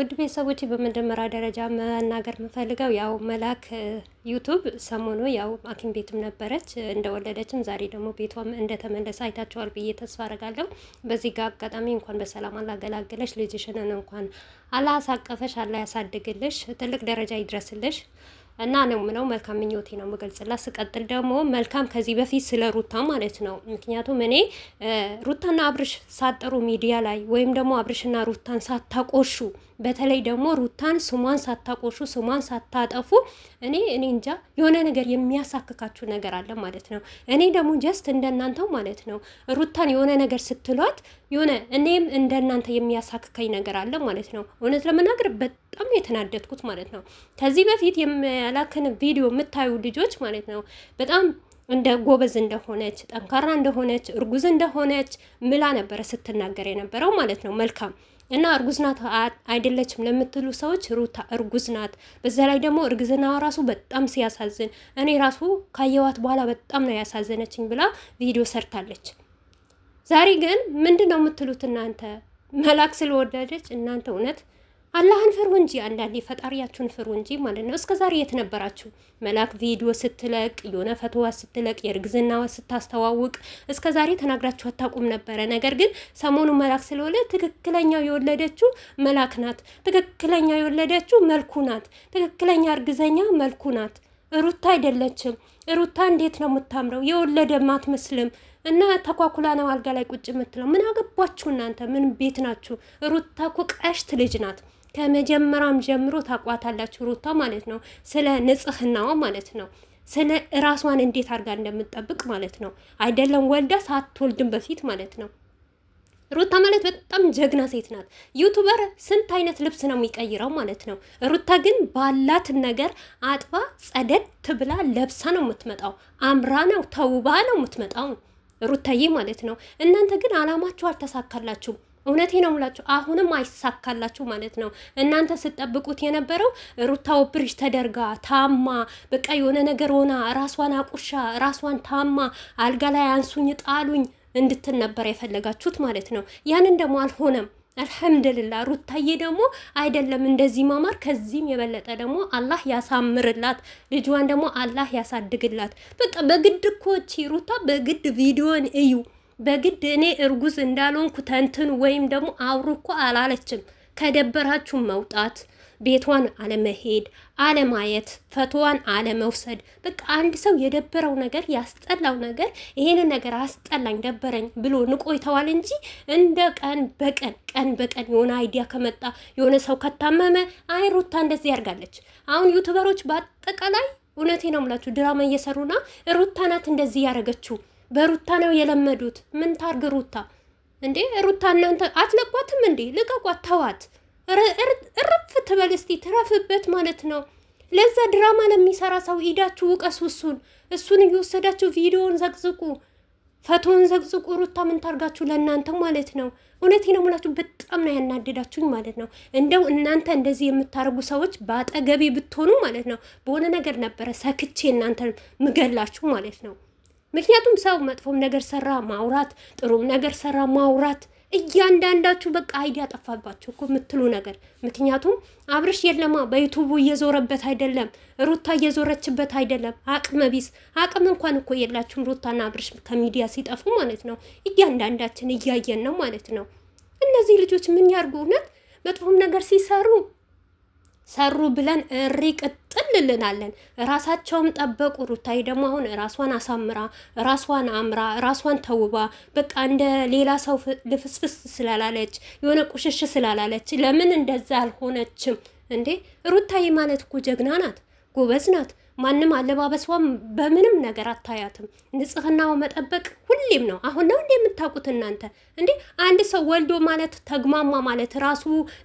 ውድ ቤተሰቦች በመጀመሪያ ደረጃ መናገር የምፈልገው ያው መላክ ዩቱብ ሰሞኑ ያው ሐኪም ቤትም ነበረች እንደወለደችም ዛሬ ደግሞ ቤቷም እንደተመለሰ አይታቸዋል ብዬ ተስፋ አረጋለሁ። በዚህ ጋር አጋጣሚ እንኳን በሰላም አላገላገለሽ፣ ልጅሽንን እንኳን አላሳቀፈሽ፣ አላያሳድግልሽ፣ ትልቅ ደረጃ ይድረስልሽ እና ነው ምለው መልካም ምኞቴ ነው የምገልጽላት። ስቀጥል ደግሞ መልካም ከዚህ በፊት ስለ ሩታ ማለት ነው። ምክንያቱም እኔ ሩታና አብርሽ ሳጠሩ ሚዲያ ላይ ወይም ደግሞ አብርሽና ሩታን ሳታቆሹ በተለይ ደግሞ ሩታን ስሟን ሳታቆሹ ስሟን ሳታጠፉ እኔ እኔ እንጃ የሆነ ነገር የሚያሳክካችሁ ነገር አለ ማለት ነው። እኔ ደግሞ ጀስት እንደናንተው ማለት ነው ሩታን የሆነ ነገር ስትሏት የሆነ እኔም እንደናንተ የሚያሳክከኝ ነገር አለ ማለት ነው። እውነት ለመናገር በጣም የተናደድኩት ማለት ነው። ከዚህ በፊት የላክን ቪዲዮ የምታዩ ልጆች ማለት ነው በጣም እንደ ጎበዝ እንደሆነች ጠንካራ እንደሆነች እርጉዝ እንደሆነች ምላ ነበረ ስትናገር የነበረው ማለት ነው። መልካም እና እርጉዝ ናት አይደለችም ለምትሉ ሰዎች ሩታ እርጉዝ ናት። በዛ ላይ ደግሞ እርግዝናዋ ራሱ በጣም ሲያሳዝን እኔ ራሱ ካየዋት በኋላ በጣም ነው ያሳዘነችኝ ብላ ቪዲዮ ሰርታለች። ዛሬ ግን ምንድን ነው የምትሉት እናንተ? መላክ ስለወደደች እናንተ እውነት አላህን ፍሩ እንጂ አንዳንዴ ፈጣሪያችሁን ፍሩ እንጂ ማለት ነው። እስከ ዛሬ የት ነበራችሁ? መላክ ቪዲዮ ስትለቅ የሆነ ፈትዋ ስትለቅ የእርግዝናዋ ስታስተዋውቅ እስከ ዛሬ ተናግራችሁ አታውቁም ነበረ። ነገር ግን ሰሞኑ መላክ ስለሆነ ትክክለኛው የወለደችው መላክ ናት። ትክክለኛ የወለደችው መልኩ ናት። ትክክለኛ እርግዘኛ መልኩ ናት። ሩታ አይደለችም። ሩታ እንዴት ነው የምታምረው? የወለደም አትመስልም። እና ተኳኩላ ነው አልጋ ላይ ቁጭ የምትለው። ምን አገባችሁ እናንተ? ምን ቤት ናችሁ? ሩታ እኮ ቀሽት ልጅ ናት። ከመጀመሪያም ጀምሮ ታቋታላችሁ ሩታ ማለት ነው። ስለ ንጽህናዋ ማለት ነው። ስለ ራሷን እንዴት አድርጋ እንደምትጠብቅ ማለት ነው። አይደለም ወልዳ ሳትወልድም በፊት ማለት ነው። ሩታ ማለት በጣም ጀግና ሴት ናት። ዩቱበር ስንት አይነት ልብስ ነው የሚቀይረው ማለት ነው። ሩታ ግን ባላት ነገር አጥባ ጸደድ ብላ ለብሳ ነው የምትመጣው። አምራ ነው ተውባ ነው የምትመጣው ሩታዬ ማለት ነው። እናንተ ግን አላማችሁ አልተሳካላችሁም። እውነቴ ነው የምላችሁ፣ አሁንም አይሳካላችሁ ማለት ነው። እናንተ ስትጠብቁት የነበረው ሩታ ብሪጅ ተደርጋ ታማ በቃ የሆነ ነገር ሆና ራሷን አቁሻ ራሷን ታማ አልጋ ላይ አንሱኝ ጣሉኝ እንድትል ነበር የፈለጋችሁት ማለት ነው። ያንን ደግሞ አልሆነም። አልሐምድልላ ሩታዬ ደግሞ አይደለም እንደዚህ ማማር፣ ከዚህም የበለጠ ደግሞ አላህ ያሳምርላት፣ ልጇን ደግሞ አላህ ያሳድግላት። በቃ በግድ እኮ ሩታ በግድ ቪዲዮን እዩ በግድ እኔ እርጉዝ እንዳልሆንኩ ተንትን ወይም ደግሞ አውሩ እኮ አላለችም። ከደበራችሁ መውጣት፣ ቤቷን አለመሄድ፣ አለማየት፣ ፈቶዋን አለመውሰድ። በቃ አንድ ሰው የደበረው ነገር ያስጠላው ነገር ይሄንን ነገር አስጠላኝ ደበረኝ ብሎ ንቆ ይተዋል እንጂ እንደ ቀን በቀን ቀን በቀን የሆነ አይዲያ ከመጣ የሆነ ሰው ከታመመ አይ ሩታ እንደዚህ ያርጋለች። አሁን ዩቱበሮች በአጠቃላይ እውነቴ ነው የምላችሁ ድራማ እየሰሩና ሩታ ናት እንደዚህ ያደረገችው በሩታ ነው የለመዱት። ምን ታርግ ሩታ እንዴ! ሩታ እናንተ አትለቋትም እንዴ? ልቀቋት፣ ተዋት፣ እርፍ ትበል እስቲ ትረፍበት ማለት ነው። ለዛ ድራማ ለሚሰራ ሰው ሂዳችሁ ውቀሱ። እሱን እሱን እየወሰዳችሁ ቪዲዮውን ዘቅዝቁ፣ ፈቶውን ዘቅዝቁ። ሩታ ምን ታርጋችሁ ለእናንተ ማለት ነው። እውነት ነው የምላችሁ፣ በጣም ነው ያናደዳችሁኝ ማለት ነው። እንደው እናንተ እንደዚህ የምታደርጉ ሰዎች በአጠገቤ ብትሆኑ ማለት ነው፣ በሆነ ነገር ነበረ ሰክቼ እናንተ ምገላችሁ ማለት ነው። ምክንያቱም ሰው መጥፎም ነገር ሰራ ማውራት፣ ጥሩም ነገር ሰራ ማውራት እያንዳንዳችሁ በቃ አይዲያ ጠፋባችሁ እኮ የምትሉ ነገር። ምክንያቱም አብርሽ የለማ በዩቱቡ እየዞረበት አይደለም፣ ሩታ እየዞረችበት አይደለም። አቅመ ቢስ አቅም እንኳን እኮ የላችሁም። ሩታና አብርሽ ከሚዲያ ሲጠፉ ማለት ነው። እያንዳንዳችን እያየን ነው ማለት ነው። እነዚህ ልጆች ምን ያርጉ? እውነት መጥፎም ነገር ሲሰሩ ሰሩ ብለን እሪ ቅጥል ልናለን። ራሳቸውም ጠበቁ። ሩታይ ደግሞ አሁን ራሷን አሳምራ ራሷን አምራ ራሷን ተውባ በቃ እንደ ሌላ ሰው ልፍስፍስ ስላላለች የሆነ ቁሽሽ ስላላለች ለምን እንደዛ አልሆነችም እንዴ? ሩታይ ማለት እኮ ጀግና ናት። ጎበዝ ናት። ማንም አለባበስዋም በምንም ነገር አታያትም። ንጽህናው መጠበቅ ሁሌም ነው። አሁን ነው እንዴ የምታውቁት እናንተ? እንዴ አንድ ሰው ወልዶ ማለት ተግማማ ማለት ራሱ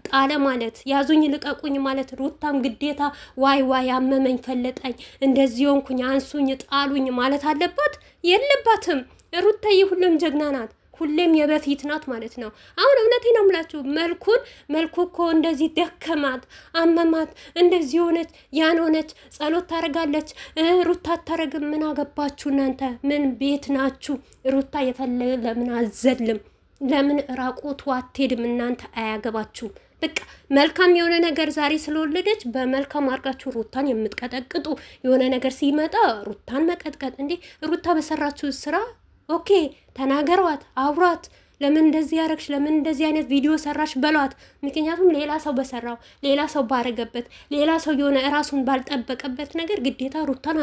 ጣለ ማለት ያዙኝ ልቀቁኝ ማለት ሩታም ግዴታ ዋይ ዋይ አመመኝ፣ ፈለጠኝ፣ እንደዚህ ሆንኩኝ፣ አንሱኝ፣ ጣሉኝ ማለት አለባት? የለባትም። ሩታዬ ሁሉም ጀግና ናት። ሁሌም የበፊት ናት ማለት ነው። አሁን እውነቴን ነው የምላችሁ። መልኩን መልኩ እኮ እንደዚህ ደከማት፣ አመማት፣ እንደዚህ ሆነች፣ ያን ሆነች፣ ጸሎት ታደርጋለች፣ ሩታ አታደርግም። ምን አገባችሁ እናንተ? ምን ቤት ናችሁ? ሩታ የፈለገ ለምን አዘልም? ለምን ራቁቱ አትሄድም? እናንተ አያገባችሁም። በቃ መልካም የሆነ ነገር ዛሬ ስለወለደች በመልካም አድርጋችሁ ሩታን የምትቀጠቅጡ የሆነ ነገር ሲመጣ ሩታን መቀጥቀጥ እንዴ! ሩታ በሰራችሁ ስራ ኦኬ ተናገሯት፣ አውሯት። ለምን እንደዚህ ያረግሽ? ለምን እንደዚህ አይነት ቪዲዮ ሰራሽ? በሏት። ምክንያቱም ሌላ ሰው በሰራው ሌላ ሰው ባረገበት ሌላ ሰው የሆነ እራሱን ባልጠበቀበት ነገር ግዴታ ሩታን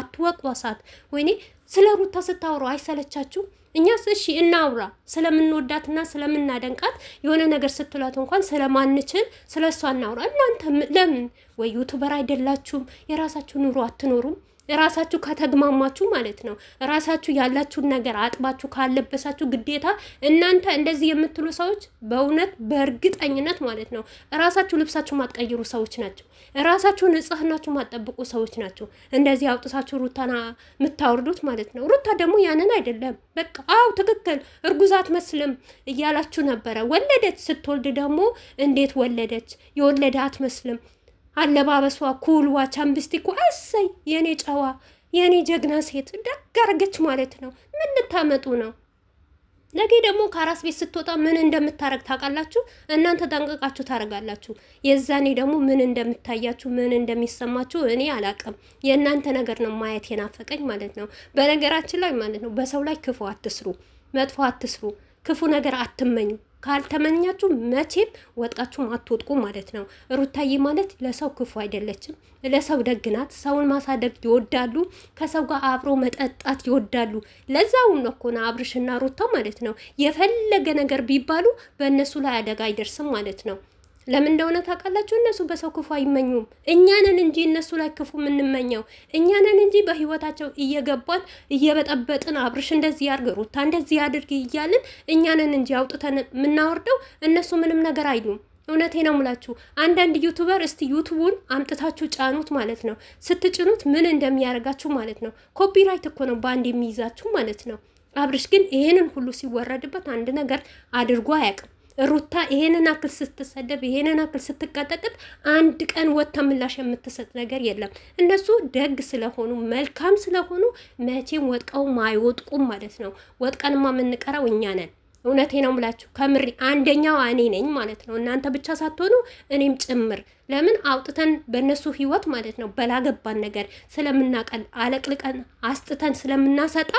አትወቅሳት። ወይኔ ስለ ሩታ ስታውሩ አይሰለቻችሁ? እኛስ እሺ እናውራ ስለምንወዳትና ስለምናደንቃት የሆነ ነገር ስትሏት እንኳን ስለማንችል ስለ እሷ እናውራ። እናንተ ለምን ወይ ዩቱበር አይደላችሁም? የራሳችሁ ኑሮ አትኖሩም? ራሳችሁ ከተግማማችሁ ማለት ነው። ራሳችሁ ያላችሁን ነገር አጥባችሁ ካለበሳችሁ ግዴታ እናንተ እንደዚህ የምትሉ ሰዎች በእውነት በእርግጠኝነት ማለት ነው ራሳችሁ ልብሳችሁ ማትቀይሩ ሰዎች ናቸው። ራሳችሁ ንጽህናችሁ ማትጠብቁ ሰዎች ናቸው። እንደዚህ አውጥታችሁ ሩታና የምታወርዱት ማለት ነው። ሩታ ደግሞ ያንን አይደለም በቃ አው ትክክል እርጉዝ አትመስልም እያላችሁ ነበረ። ወለደች። ስትወልድ ደግሞ እንዴት ወለደች? የወለደ አትመስልም አለባበሷ፣ ኩልዋ፣ ቻምብስቲኩ እሰይ! የኔ ጨዋ የኔ ጀግና ሴት ደጋርገች ማለት ነው። ምን ልታመጡ ነው? ነገ ደግሞ ከአራስ ቤት ስትወጣ ምን እንደምታረግ ታውቃላችሁ? እናንተ ጠንቀቃችሁ ታደርጋላችሁ። የዛኔ ደግሞ ምን እንደምታያችሁ ምን እንደሚሰማችሁ እኔ አላቅም። የእናንተ ነገር ነው ማየት የናፈቀኝ ማለት ነው። በነገራችን ላይ ማለት ነው በሰው ላይ ክፉ አትስሩ፣ መጥፎ አትስሩ፣ ክፉ ነገር አትመኙ። ካልተመኛችሁ መቼም ወጥቃችሁም አትወጥቁ ማለት ነው። ሩታዬ ማለት ለሰው ክፉ አይደለችም፣ ለሰው ደግ ናት። ሰውን ማሳደግ ይወዳሉ፣ ከሰው ጋር አብሮ መጠጣት ይወዳሉ። ለዛውን ነው እኮ ነው አብርሽና ሩታ ማለት ነው የፈለገ ነገር ቢባሉ በእነሱ ላይ አደጋ አይደርስም ማለት ነው። ለምን እንደሆነ ታውቃላችሁ? እነሱ በሰው ክፉ አይመኙም። እኛንን እንጂ እነሱ ላይ ክፉ የምንመኘው እኛንን እንጂ በህይወታቸው እየገባን እየበጠበጥን አብርሽ እንደዚህ ያርግ፣ ሩታ እንደዚህ ያድርግ እያልን እኛንን እንጂ አውጥተን የምናወርደው እነሱ ምንም ነገር አይሉም። እውነቴ ነው ምላችሁ። አንዳንድ ዩቱበር እስቲ ዩቱቡን አምጥታችሁ ጫኑት ማለት ነው። ስትጭኑት ምን እንደሚያደርጋችሁ ማለት ነው። ኮፒራይት እኮ ነው በአንድ የሚይዛችሁ ማለት ነው። አብርሽ ግን ይህንን ሁሉ ሲወረድበት አንድ ነገር አድርጎ አያውቅም። ሩታ ይሄንን አክል ስትሰደብ ይሄንን አክል ስትቀጠቅጥ አንድ ቀን ወጥታ ምላሽ የምትሰጥ ነገር የለም። እነሱ ደግ ስለሆኑ መልካም ስለሆኑ መቼም ወጥቀውም አይወጥቁም ማለት ነው። ወጥቀንማ የምንቀረው እኛ ነን። እውነቴ ነው ምላችሁ ከምሪ አንደኛዋ እኔ ነኝ ማለት ነው። እናንተ ብቻ ሳትሆኑ እኔም ጭምር ለምን አውጥተን በእነሱ ህይወት ማለት ነው በላገባን ነገር ስለምናቀል አለቅልቀን አስጥተን ስለምናሰጣ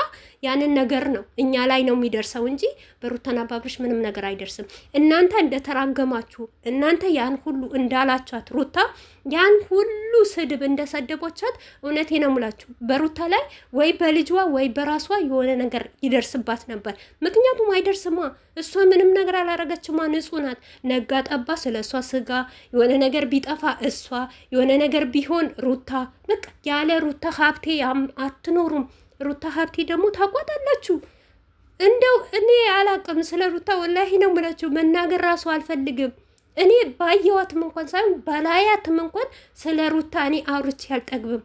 ያንን ነገር ነው እኛ ላይ ነው የሚደርሰው እንጂ በሩታና ባብርሽ ምንም ነገር አይደርስም። እናንተ እንደተራገማችሁ እናንተ ያን ሁሉ እንዳላችኋት ሩታ ያን ሁሉ ስድብ እንደሰደቦቻት እውነቴ ነው ሙላችሁ በሩታ ላይ ወይ በልጅዋ ወይ በራሷ የሆነ ነገር ይደርስባት ነበር። ምክንያቱም አይደርስማ እሷ ምንም ነገር አላረገችማ፣ ንጹህ ናት። ነጋ ጠባ ስለ እሷ ስጋ የሆነ ነገር ቢ ቢጠፋ እሷ የሆነ ነገር ቢሆን ሩታ በቃ ያለ ሩታ ሀብቴ አትኖሩም። ሩታ ሀብቴ ደግሞ ታቋጣላችሁ። እንደው እኔ አላቅም ስለ ሩታ ወላሂ ነው የምላችሁ። መናገር ራሱ አልፈልግም። እኔ ባየዋትም እንኳን ሳይሆን በላያትም እንኳን ስለ ሩታ እኔ አውርቼ አልጠግብም።